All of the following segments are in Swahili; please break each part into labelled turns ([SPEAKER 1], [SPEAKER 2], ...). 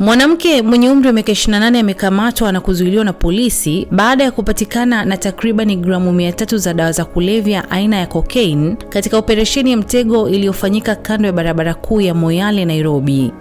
[SPEAKER 1] Mwanamke mwenye umri wa miaka 28 amekamatwa na kuzuiliwa na polisi baada ya kupatikana na takribani gramu 300 za dawa za kulevya aina ya cocaine katika operesheni ya mtego iliyofanyika kando ya barabara kuu ya Moyale, Nairobi.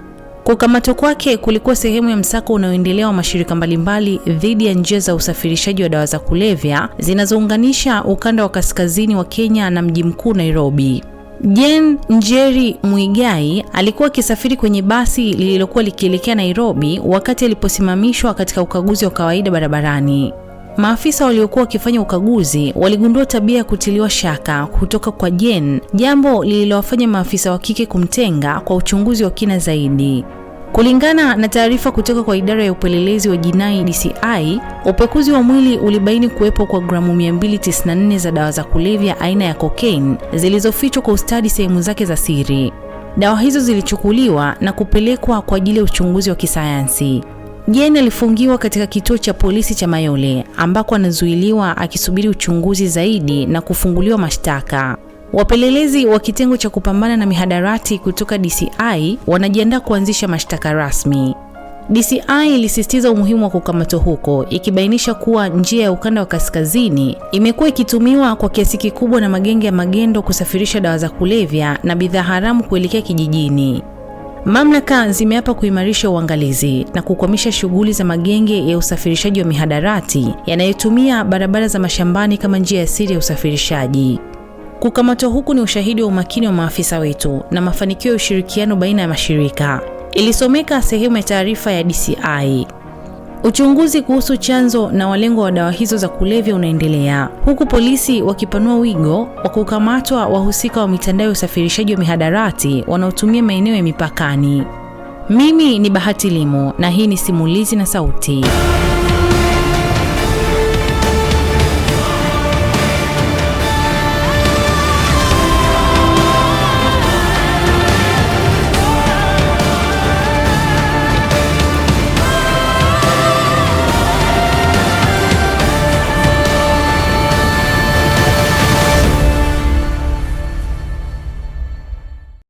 [SPEAKER 1] Kukamatwa kwake kulikuwa sehemu ya msako unaoendelea wa mashirika mbalimbali dhidi ya njia za usafirishaji wa dawa za kulevya zinazounganisha ukanda wa kaskazini wa Kenya na mji mkuu Nairobi jen Njeri Mwigai alikuwa akisafiri kwenye basi lililokuwa likielekea Nairobi wakati aliposimamishwa katika ukaguzi wa kawaida barabarani. Maafisa waliokuwa wakifanya ukaguzi waligundua tabia ya kutiliwa shaka kutoka kwa jen jambo lililowafanya maafisa wa kike kumtenga kwa uchunguzi wa kina zaidi. Kulingana na taarifa kutoka kwa idara ya upelelezi wa jinai DCI, upekuzi wa mwili ulibaini kuwepo kwa gramu 294 za dawa za kulevya aina ya cocaine zilizofichwa kwa ustadi sehemu zake za siri. Dawa hizo zilichukuliwa na kupelekwa kwa ajili ya uchunguzi wa kisayansi. Jane alifungiwa katika kituo cha polisi cha Mayole ambako anazuiliwa akisubiri uchunguzi zaidi na kufunguliwa mashtaka. Wapelelezi wa kitengo cha kupambana na mihadarati kutoka DCI wanajiandaa kuanzisha mashtaka rasmi. DCI ilisisitiza umuhimu wa kukamatwa huko ikibainisha kuwa njia ya ukanda wa kaskazini imekuwa ikitumiwa kwa kiasi kikubwa na magenge ya magendo kusafirisha dawa za kulevya na bidhaa haramu kuelekea kijijini. Mamlaka zimeapa kuimarisha uangalizi na kukwamisha shughuli za magenge ya usafirishaji wa mihadarati yanayotumia barabara za mashambani kama njia ya siri ya usafirishaji. Kukamatwa huku ni ushahidi wa umakini wa maafisa wetu na mafanikio ya ushirikiano baina ya mashirika, ilisomeka sehemu ya taarifa ya DCI. Uchunguzi kuhusu chanzo na walengo wa dawa hizo za kulevya unaendelea huku polisi wakipanua wigo wa kukamatwa wahusika wa mitandao ya usafirishaji wa mihadarati wanaotumia maeneo ya mipakani. Mimi ni Bahati Limo na hii ni Simulizi na Sauti.